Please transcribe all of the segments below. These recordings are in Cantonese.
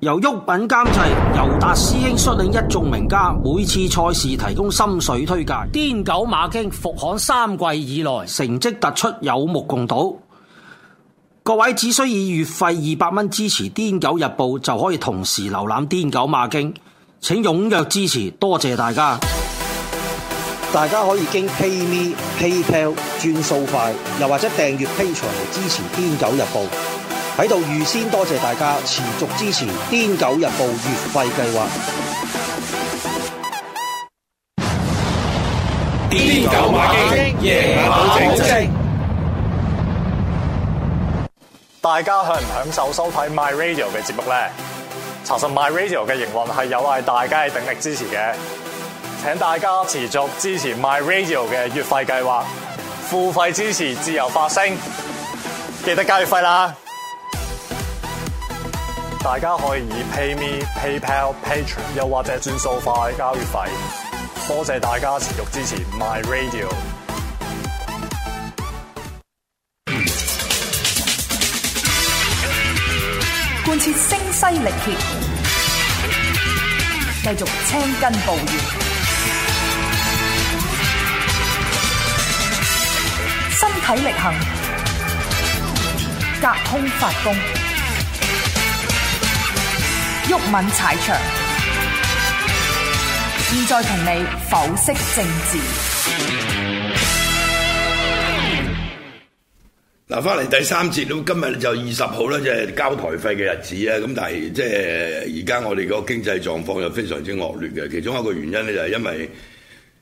由玉品監製，尤達師兄率領一眾名家，每次賽事提供心水推介。癲狗馬經復刊三季以來，成績突出，有目共睹。各位只需以月費二百蚊支持癲狗日報，就可以同時瀏覽癲狗馬經。請踴躍支持，多謝大家！大家可以經 PayMe PayPal 轉數快，又或者訂閱 pay 牆嚟支持癲狗日報。喺度預先多謝大家持續支持《癲狗日報》月費計劃。癲狗馬經大家享唔享受收睇 My Radio 嘅節目咧？查實 My Radio 嘅營運係有賴大家嘅鼎力支持嘅，請大家持續支持 My Radio 嘅月費計劃，付費支持自由發聲，記得交月費啦。大家可以以 PayMe、PayPal、Patreon，又或者轉數快交月費。多謝大家持續支持 My Radio。貫徹聲嘶力竭，繼續青筋暴現，身體力行，隔空發功。毓民踩場，現在同你剖析政治。嗱，翻嚟第三節啦，今日就二十號啦，即係交台費嘅日子啊。咁但係即係而家我哋個經濟狀況又非常之惡劣嘅，其中一個原因咧就係因為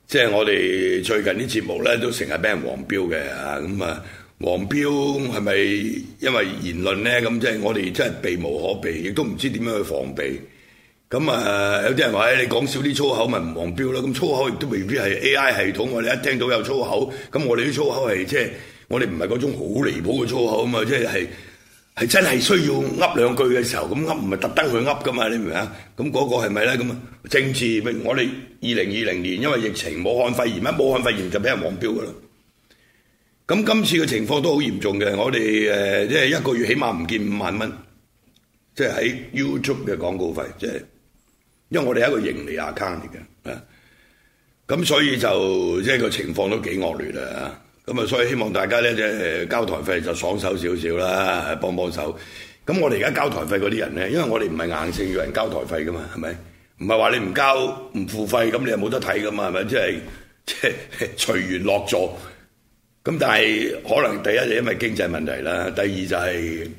即係我哋最近啲節目咧都成日俾人黃標嘅，咁啊。嗯黃標係咪因為言論咧？咁即係我哋真係避無可避，亦都唔知點樣去防備。咁啊，有啲人話，你講少啲粗口咪唔黃標啦。咁粗口亦都未必係 A I 系統。我哋一聽到有粗口，咁我哋啲粗口係即係我哋唔係嗰種好離譜嘅粗口啊嘛，即係係真係需要噏兩句嘅時候，咁噏唔係特登去噏噶嘛？你明唔明啊？咁嗰個係咪咧？咁啊，政治，我哋二零二零年因為疫情，武漢肺炎啊，武漢肺炎就俾人黃標噶啦。咁今次嘅情況都好嚴重嘅，我哋誒即係一個月起碼唔見五萬蚊，即係喺 YouTube 嘅廣告費，即係因為我哋係一個盈利 account 嚟嘅，啊，咁所以就即係個情況都幾惡劣喇！咁啊，所以希望大家咧即係交台費就爽手少少啦，幫幫手。咁我哋而家交台費嗰啲人咧，因為我哋唔係硬性要人交台費噶嘛，係咪？唔係話你唔交唔付費，咁你又冇得睇噶嘛，係咪？即係即係隨緣落座。咁但係可能第一就因為經濟問題啦，第二就係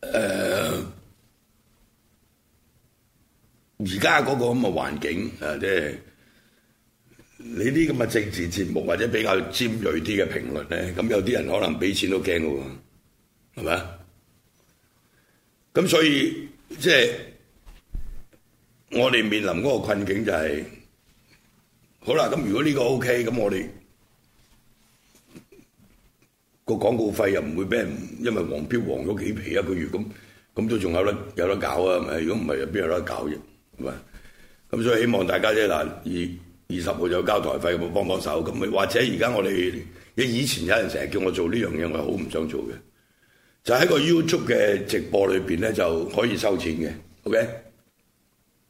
誒而家嗰個咁嘅環境啊，即係你啲咁嘅政治節目或者比較尖銳啲嘅評論咧，咁有啲人可能俾錢都驚噶喎，係咪啊？咁所以即係我哋面臨嗰個困境就係好啦，咁如果呢個 OK，咁我哋。個廣告費又唔會俾人，因為黃標黃咗幾皮一個月咁，咁都仲有得有得搞啊！係咪，如果唔係，邊有得搞啫？咁所以希望大家啫嗱，二二十號有交台費，有冇幫幫手咁。或者而家我哋，你以前有人成日叫我做呢樣嘢，我好唔想做嘅，就喺個 YouTube 嘅直播裏邊咧就可以收錢嘅。OK，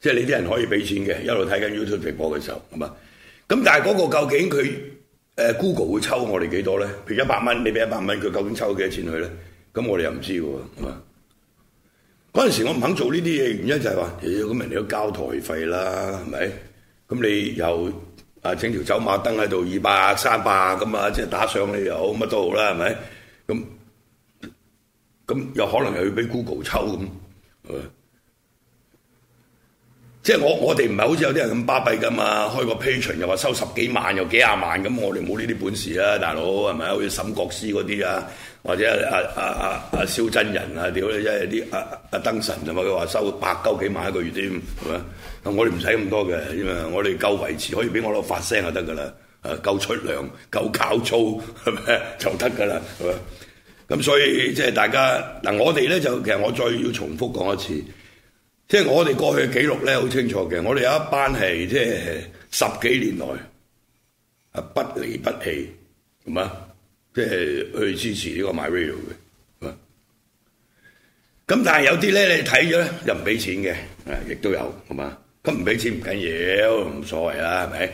即係你啲人可以俾錢嘅，一路睇緊 YouTube 直播嘅時候，咁啊，咁但係嗰個究竟佢？誒 Google 會抽我哋幾多咧？譬如一百蚊，你俾一百蚊，佢究竟抽幾多錢去咧？咁我哋又唔知喎。嗰陣時我唔肯做呢啲嘢，原因就係、是、話，咦、哎，咁人哋都交台費啦，係咪？咁你又啊整條走馬燈喺度二百三百咁啊，即係打上你又好乜都好啦，係咪？咁咁又可能又要俾 Google 抽咁。即係我我哋唔係好似有啲人咁巴閉㗎嘛，開個 Patreon 又話收十幾萬又幾廿萬咁，我哋冇呢啲本事啊，大佬，係咪好似沈國師嗰啲啊，或者阿阿阿阿蕭真人啊，屌、啊！即係啲阿阿燈神同埋佢話收百鳩幾萬一個月添，係咪？我哋唔使咁多嘅，因為我哋夠維持，可以俾我攞發聲就得㗎啦，誒夠出糧夠靠操係咪就得㗎啦？係咁，所以即係大家嗱，我哋咧就其實我再要重複講一次。即係我哋過去嘅記錄咧，好清楚嘅。我哋有一班係即係十幾年來啊不離不棄，係嘛？即係去支持呢個 MyRadio 嘅。咁但係有啲咧，你睇咗又唔俾錢嘅，誒，亦都有，係嘛？咁唔俾錢唔緊要，唔所謂啦，係咪？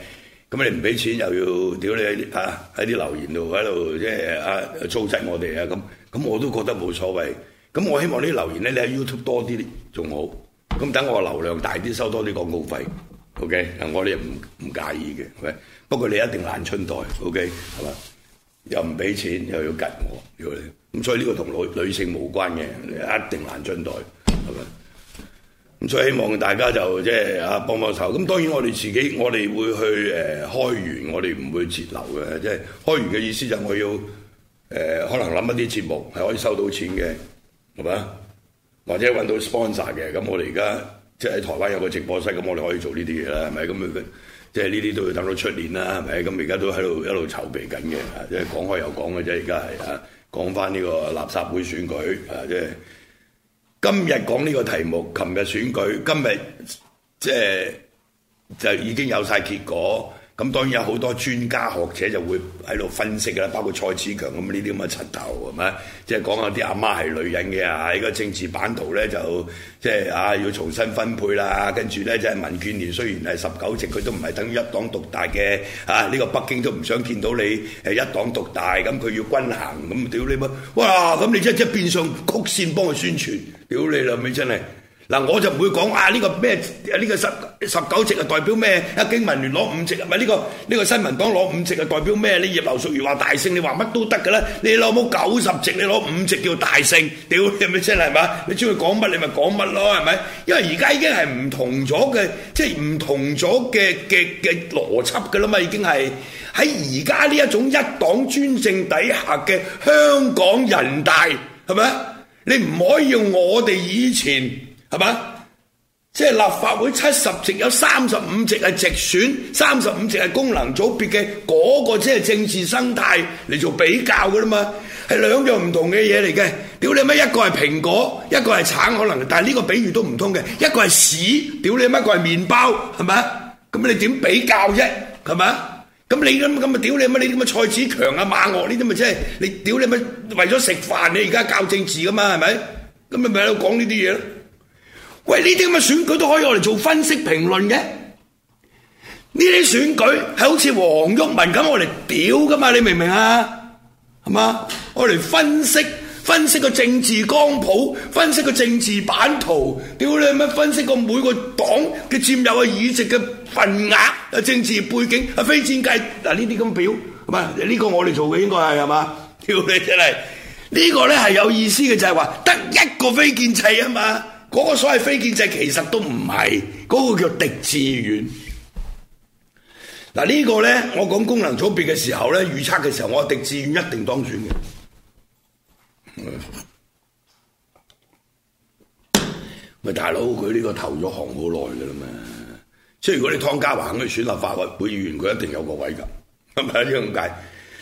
咁你唔俾錢又要屌你啊喺啲留言度喺度即係啊糟質我哋啊咁，咁我都覺得冇所謂。咁我希望啲留言咧，你喺 YouTube 多啲仲好。咁等我流量大啲，收多啲廣告費。OK，嗱我哋唔唔介意嘅，喂，不過你一定難春袋。OK，係嘛？又唔俾錢，又要吉我，要你。咁所以呢個同女女性無關嘅，你一定難春袋，係咪？咁所以希望大家就即係啊幫幫手。咁當然我哋自己，我哋會去誒、呃、開源，我哋唔會截流嘅。即係開源嘅意思就我要誒、呃，可能諗一啲節目係可以收到錢嘅，係咪？或者揾到 sponsor 嘅，咁我哋而家即係喺台灣有個直播室，咁我哋可以做呢啲嘢啦，係咪？咁佢即係呢啲都要等到出年啦，係咪？咁而家都喺度一路籌備緊嘅，即係講開又講嘅啫。而家係啊，講翻呢個垃圾會選舉啊，即係今日講呢個題目，琴日選舉，今日即係就已經有晒結果。咁當然有好多專家學者就會喺度分析㗎啦，包括蔡子強咁呢啲咁嘅柒頭係咪？即係講下啲阿媽係女人嘅啊！呢個政治版圖咧就即係啊要重新分配啦，跟住咧即係民建聯雖然係十九席，佢都唔係等於一黨獨大嘅啊！呢個北京都唔想見到你係一黨獨大咁，佢要均衡咁。屌你乜？哇！咁你即係即係變相曲線幫佢宣傳，屌你老味真係～嗱，我就唔會講啊！呢個咩？呢個十,十九席啊，代表咩？一經民聯攞五席，唔係，呢個呢個新民黨攞五席啊，代表咩？呢葉劉淑儀話大勝，你話乜都得㗎啦！你老母九十席，你攞五席叫大勝，屌你係咪先啦？係咪？你中意講乜你咪講乜咯，係咪？因為而家已經係唔同咗嘅，即係唔同咗嘅嘅嘅邏輯㗎啦嘛，已經係喺而家呢一種一黨專政底下嘅香港人大係咪？你唔可以用我哋以前。係嘛？即一係立法會七十席有三十五席係直選，三十五席係功能組別嘅，嗰、嗰個即係政治生態嚟做比較噶啦嘛，係兩樣唔同嘅嘢嚟嘅。屌你乜？一個係蘋果，一個係橙，可能，但係呢個比喻都唔通嘅。一個係屎，屌你乜？一個係麵包，係嘛？咁你點比較啫？係嘛？咁你咁咁啊？屌你乜？你啲咁蔡子強啊、馬嶽呢啲咪即係你？屌你乜、啊就是？為咗食飯你而家教政治噶、啊、嘛？係咪？咁咪咪喺度講呢啲嘢咯？喂，呢啲咁嘅選舉都可以用嚟做分析評論嘅。呢啲選舉係好似黃毓民咁用嚟表㗎嘛？你明唔明啊？係嘛？用嚟分析分析個政治光譜，分析個政治版圖。屌你乜，分析個每個黨嘅佔有嘅議席嘅份額、政治背景、非建制。嗱，呢啲咁表，呢、這個我哋做嘅應該係，係嘛？屌你出嚟！呢、這個咧係有意思嘅就係話得一個非建制啊嘛～嗰個所謂非建制其實都唔係，嗰、那個叫狄志遠。嗱、這、呢個呢，我講功能組別嘅時候呢，預測嘅時候，我話狄志遠一定當選嘅。喂 大佬，佢呢個投咗行好耐㗎啦嘛。即係如果你湯家驊肯去選立法會議員，佢一定有個位㗎，係咪先咁解？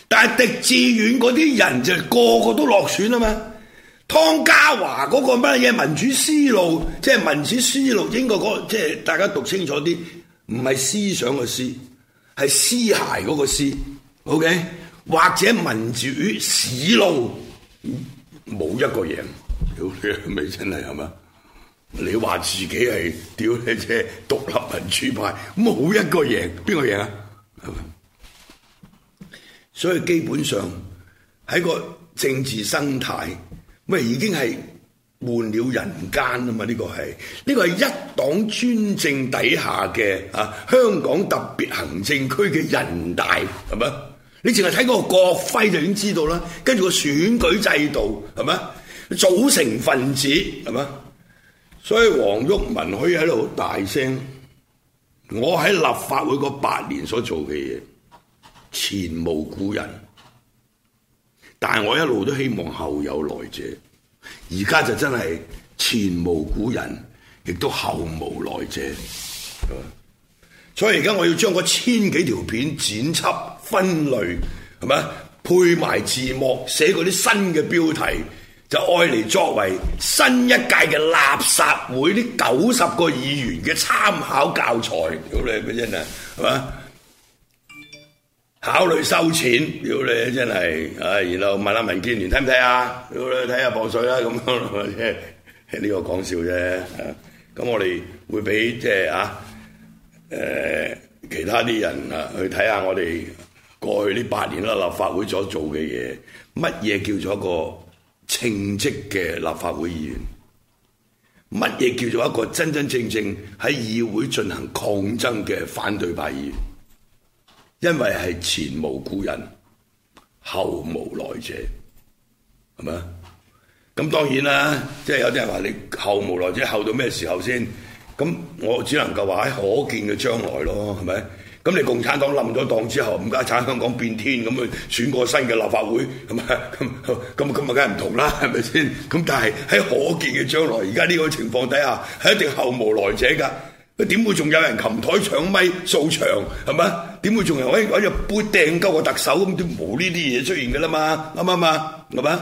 但係狄志遠嗰啲人就個個都落選啊嘛。湯家驊嗰個乜嘢民主思路，即係民主思路，英國嗰個，即係大家讀清楚啲，唔係思想嘅思，係思鞋嗰個思。OK？或者民主史路，冇一個贏，屌你咪真係係嘛？你話自己係屌你即係獨立民主派，冇一個贏，邊個贏啊？所以基本上喺個政治生態。咪已經係換了人間啊嘛！呢、這個係呢、這個係一黨專政底下嘅啊，香港特別行政區嘅人大係咪？你淨係睇個國徽就已經知道啦。跟住個選舉制度係咪？組成分子係咪？所以黃毓民可以喺度好大聲，我喺立法會個八年所做嘅嘢前無古人。但係我一路都希望後有來者，而家就真係前無古人，亦都後無來者。所以而家我要將嗰千幾條片剪輯分類，係咪？配埋字幕，寫嗰啲新嘅標題，就愛嚟，作為新一屆嘅垃圾會啲九十個議員嘅參考教材。咁你明唔明啊？係嘛？考慮收錢，屌你真係，唉！然後問下民建聯睇唔睇啊？屌你睇下磅水啦咁樣，即係呢個講笑啫。咁我哋會俾即係啊，誒，其他啲人啊去睇下我哋過去呢八年啦立法會所做嘅嘢，乜嘢叫做一個稱職嘅立法會議員？乜嘢叫做一個真真正正喺議會進行抗爭嘅反對派議員？因為係前無古人，後無來者，係咪？咁當然啦，即係有啲人話你後無來者，後到咩時候先？咁我只能夠話喺可見嘅將來咯，係咪？咁你共產黨冧咗檔之後，唔家產香港變天咁去選個新嘅立法會，係咪？咁咁咁啊，梗係唔同啦，係咪先？咁但係喺可見嘅將來，而家呢個情況底下係一定後無來者噶，佢點會仲有人琴台搶咪掃場，係咪？點會仲有喂？隻杯掟鳩個特首咁都冇呢啲嘢出現噶啦嘛？啱唔啱嘛？係咪？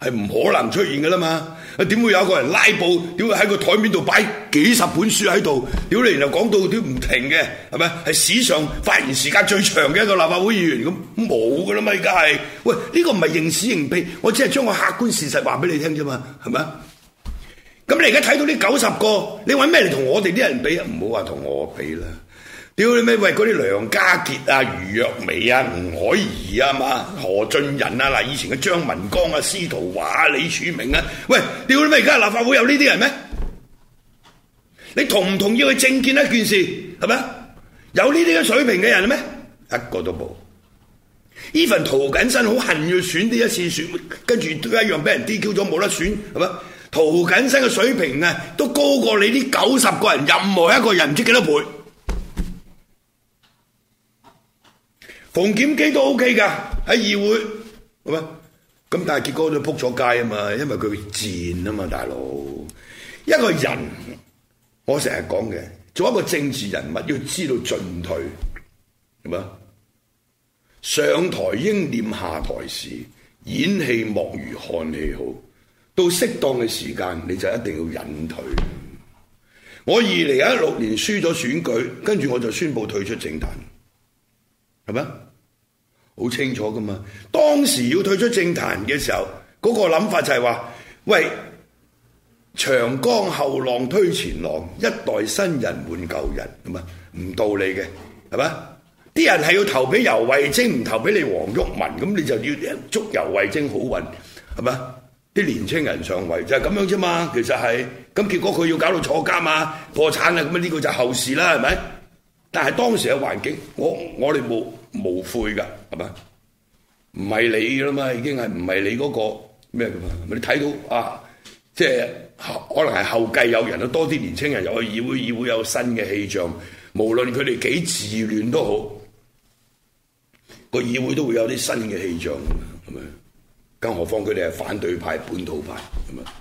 係唔可能出現噶啦嘛？點會有一個人拉布？點會喺個台面度擺幾十本書喺度？屌你！然後講到都唔停嘅，係咪？係史上發言時間最長嘅一個立法會議員，咁冇噶啦嘛？而家係喂呢、呢個唔係認屎認屁，我只係將個客觀事實話俾你聽啫嘛？係咪？咁你而家睇到呢九十個，你搵咩嚟同我哋啲人比？唔好話同我比啦。屌你咩？喂，嗰啲梁家傑啊、余若薇啊、吳靄儀啊嘛、何俊仁啊嗱，以前嘅張文光啊、司徒華啊、李柱銘啊，喂，屌你咩？而家立法會有呢啲人咩？你同唔同意佢政見一件事係咪？有呢啲嘅水平嘅人咧咩？一個都冇。呢份涂謹申好恨要選呢一次選，跟住都一樣俾人 DQ 咗，冇得選係咪？涂謹申嘅水平啊，都高過你呢九十個人任何一個人唔知幾多倍。紅檢基都 OK 噶，喺議會係咪？咁但係結果都撲咗街啊嘛，因為佢賤啊嘛，大佬。一個人，我成日講嘅，做一個政治人物要知道進退，係咪？上台應念下台時，演戲莫如看戲好。到適當嘅時間，你就一定要隱退。我二零一六年輸咗選舉，跟住我就宣布退出政壇，係咪？好清楚㗎嘛？當時要退出政壇嘅時候，嗰個諗法就係話：喂，長江後浪推前浪，一代新人換舊人，咁啊唔道理嘅，係咪？啲人係要投俾游蕙禎，唔投俾你黃毓民，咁你就要祝游蕙禎好運，係咪？啲年青人上位就係咁樣啫嘛。其實係咁，結果佢要搞到坐監啊、破產啊，咁啊呢個就後事啦，係咪？但係當時嘅環境，我我哋冇。無悔噶，係咪？唔係你啦嘛，已經係唔係你嗰個咩㗎嘛？係咪？你睇到啊，即係可能係後繼有人啦，多啲年青人入去議會，議會有新嘅氣象。無論佢哋幾自亂都好，個議會都會有啲新嘅氣象，係咪？更何況佢哋係反對派、本土派，咁啊，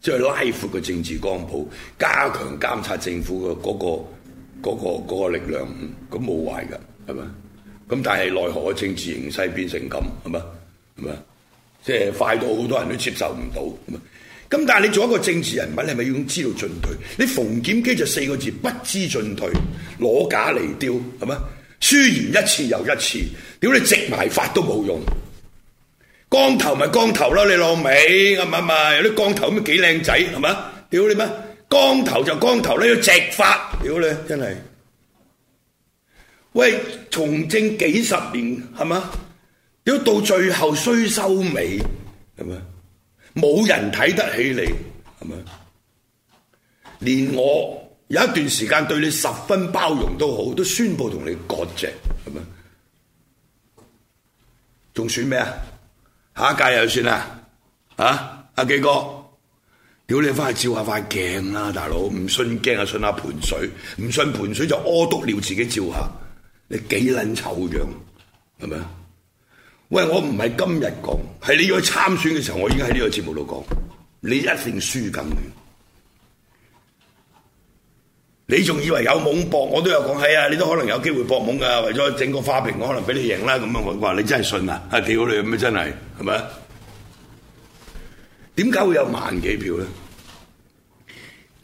即係拉闊個政治光譜，加強監察政府嘅嗰個、嗰個、嗰個力量，咁冇壞㗎。係嘛？咁但係奈何政治形勢變成咁，係嘛？係嘛？即係快到好多人都接受唔到。咁但係你做一個政治人物，你係咪要知道進退？你馮檢基就四個字：不知進退，攞假嚟丟，係嘛？輸完一次又一次，屌你植埋髮都冇用。光頭咪光頭咯，你老味，咁啊嘛？有啲光頭咁幾靚仔，係嘛？屌你咩？光頭就光頭，你要植髮，屌你真係！喂，從政幾十年係嘛？屌到最後衰收尾係嘛？冇人睇得起你係嘛？連我有一段時間對你十分包容都好，都宣布同你割席係嘛？仲選咩啊？下一屆又算啦！啊，阿、啊、基哥，屌你翻去照下塊鏡啦，啊，大佬！唔信鏡啊，信下盤水，唔信盤水就屙督尿自己照下。你幾撚醜樣，係咪啊？喂，我唔係今日講，係你要去參選嘅時候，我已經喺呢個節目度講，你一定輸緊嘅。你仲以為有懵博？我都有講，係、哎、啊，你都可能有機會博懵㗎。為咗整個花瓶，我可能俾你贏啦。咁啊，我話你真係信啊？啊，屌你！咁真係係咪啊？點解會有萬幾票咧？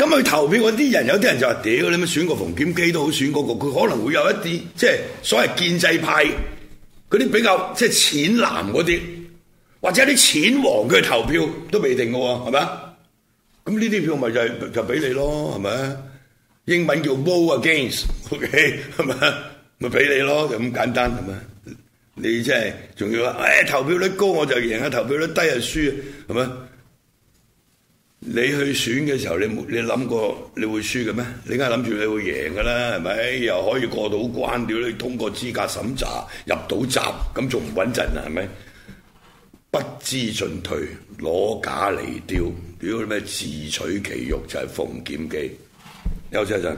咁佢投票嗰啲人，有啲人就話：屌你咪選個馮檢基都好，選嗰個。佢可能會有一啲即係所謂建制派嗰啲比較即係淺藍嗰啲，或者啲淺黃嘅投票都未定嘅喎，係咪？咁呢啲票咪就係就俾你咯，係咪？英文叫 vote against，OK 係咪？咪俾你咯，就咁簡單係咪？你即係仲要話誒，投票率高我就贏，投票率低就輸，係咪？你去選嘅時候，你冇你諗過你會輸嘅咩？你梗係諗住你會贏嘅啦，係咪？又可以過到關，屌你通過資格審查入到閘，咁仲唔穩陣啊？係咪？不知進退，攞假嚟釣，屌你咩？自取其辱就係逢檢機，休息一陣。